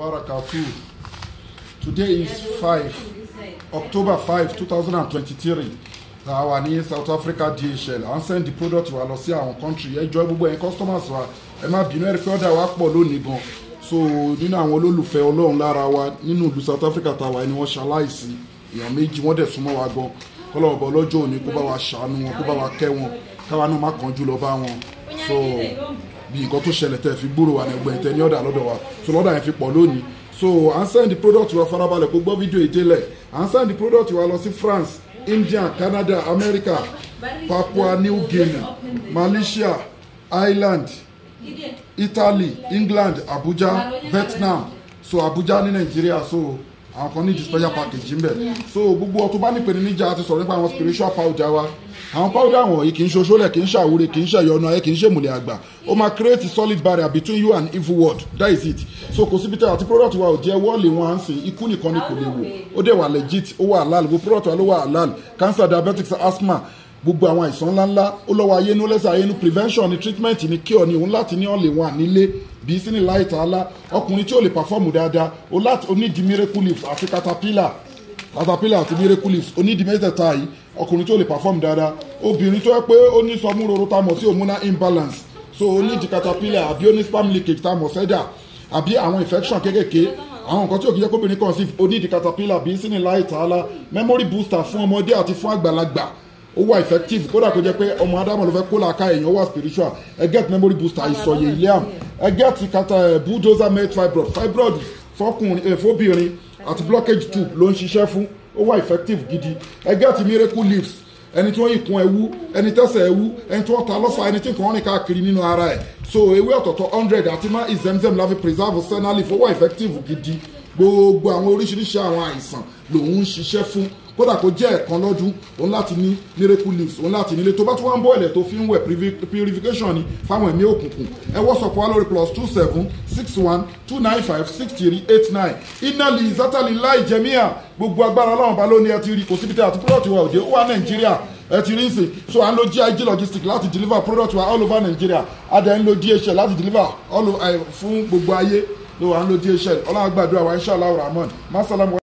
Barakatuh. Today is 5, October 5, 2023. Our ní South Africa DHL. À ń send the product to lọ sí country. Ẹ jọ̀ọ́ gbogbo ẹ̀yin customers I'm a má bínú ẹ̀rí pé ọ̀dà wa pọ̀ lónìí gan. So nínú àwọn olólùfẹ́ Ọlọ́run lára wa nínú South Africa tá wà ni wọ́n ṣaláìsí. Èèyàn méjì wọ́n dẹ̀ súnmọ́ wa gan. Kọ́lọ̀ ọ̀bọ̀ ọlọ́jọ́ òní kó bá wa ṣàánú wọn kó bá wa kẹ́ wọn. Káwa náà má kánjú lọ bá wọn bí nǹkan tó ṣẹlẹ̀ tẹ́ fi gbúrò wa ẹgbẹ́ ìtẹ́ ní ọ̀dà lọ́dọ̀ wa so lọ́dà yẹn fi pọ̀ lónìí so à ń send product wa farabalẹ̀ kó gbọ́ fídíò ìdílẹ̀ à ń send product wa lọ sí France India Canada America Papua New Guinea Malaysia Ireland Italy England Abuja Vietnam so Abuja ní Nàìjíríà so àwọn kan ní di special package ń so gbogbo ọtún bá nípe ní níjà ti sọ̀rọ̀ nípa àwọn spiritual powder wa àwọn powder wọ̀nyí kì í ṣe kì í ṣe kì í ṣe ẹ̀yọ́nú ayé kì í ṣe ìmùlẹ̀ àgbà ó máa create solid barrier between you and evil world that is it so kò síbi tẹ́ àti product wa ò jẹ́ wọ́ọ̀lì wọn à ń sìn ikú nìkan ni kò lè wò ó dẹ̀ wà legit ó wà halal gbogbo product wa ló wà halal cancer diabetes asthma gbogbo àwọn àìsàn ńláńlá ó lọ́wọ́ ayé ní ó ayé ní prevention ní treatment ní cure ní òun láti ní ọ̀lẹ̀ wọn ànílé bí sínú láì tààlà ọkùnrin tí ó lè perform dáadáa ó láti onídìí miracle leaf àti caterpillar caterpillar àti miracle leaf onídìí mẹ́tẹ̀ẹ̀ta yìí ọkùnrin tí ó lè perform dáadáa obìnrin tó yẹ pé ó ní sọmúroro tá a mọ̀ sí hormonal imbalance so onídìí caterpillar àbí ó ní sperm leakage tá a mọ̀ sẹ́dà àbí àwọn infection kéékèèké àwọn nǹkan tí ò kí jẹ́ kóbìnrin conceive onídìí caterpillar bí sínú láì tààlà memory booster fún ọmọdé àti fún àgbàlagbà ó wà effective kódà kó jẹ́ pé ọmọ adamu ló fẹ́ kó làákà èèyàn ó wà spiritual ẹ get memory booster ìsọyè ileam ẹ get kata ẹ eh, bulldozer melt fibroid fibroid fọkùnrin ẹ eh, fóbìnrin àti blockage tube ló ń ṣiṣẹ́ fún ó wà effective gidi ẹ get miracle leaves ẹni tí wọ́n yìí kún ẹwú ẹni tẹ́sẹ̀ ẹwú ẹni tí wọ́n ta lọ́fà ẹni tí nǹkan rìn káàkiri nínú ara ẹ̀ so ewé ọ̀tọ̀ọ̀tọ̀ hundred àti má ìzẹ́mzẹ́m láfi preserve senali fowó effective gidi gbogbo àwọn oríṣiríṣi àwọn àìsàn lòun ń fún kódà kó jẹ́ ẹ̀kan lọ́dún òun láti ní miracle leaves òun láti nílé tó bá tún wá ń bọ́ ilẹ̀ tó fi ń wẹ̀ purification ni fáwọn ẹ̀mí òkùnkùn ẹ WhatsApp wa plus two seven six one two nine five six three eight nine inali zatali láì jẹmíà gbogbo agbára ọlọ́run ba lónìí ẹ ti rí kò síbi tí àti púrọ̀tì wa òde ó wà nàìjíríà ẹ ti rí nsìn so à ń lo gig logistics láti deliver product wa all over Nigeria a dẹ̀ ń lo DHL láti deliver all fún gbogbo ayé ló wà ń lo DHL ọlọ́run gbàdúrà wa inshallah rahman masalamu.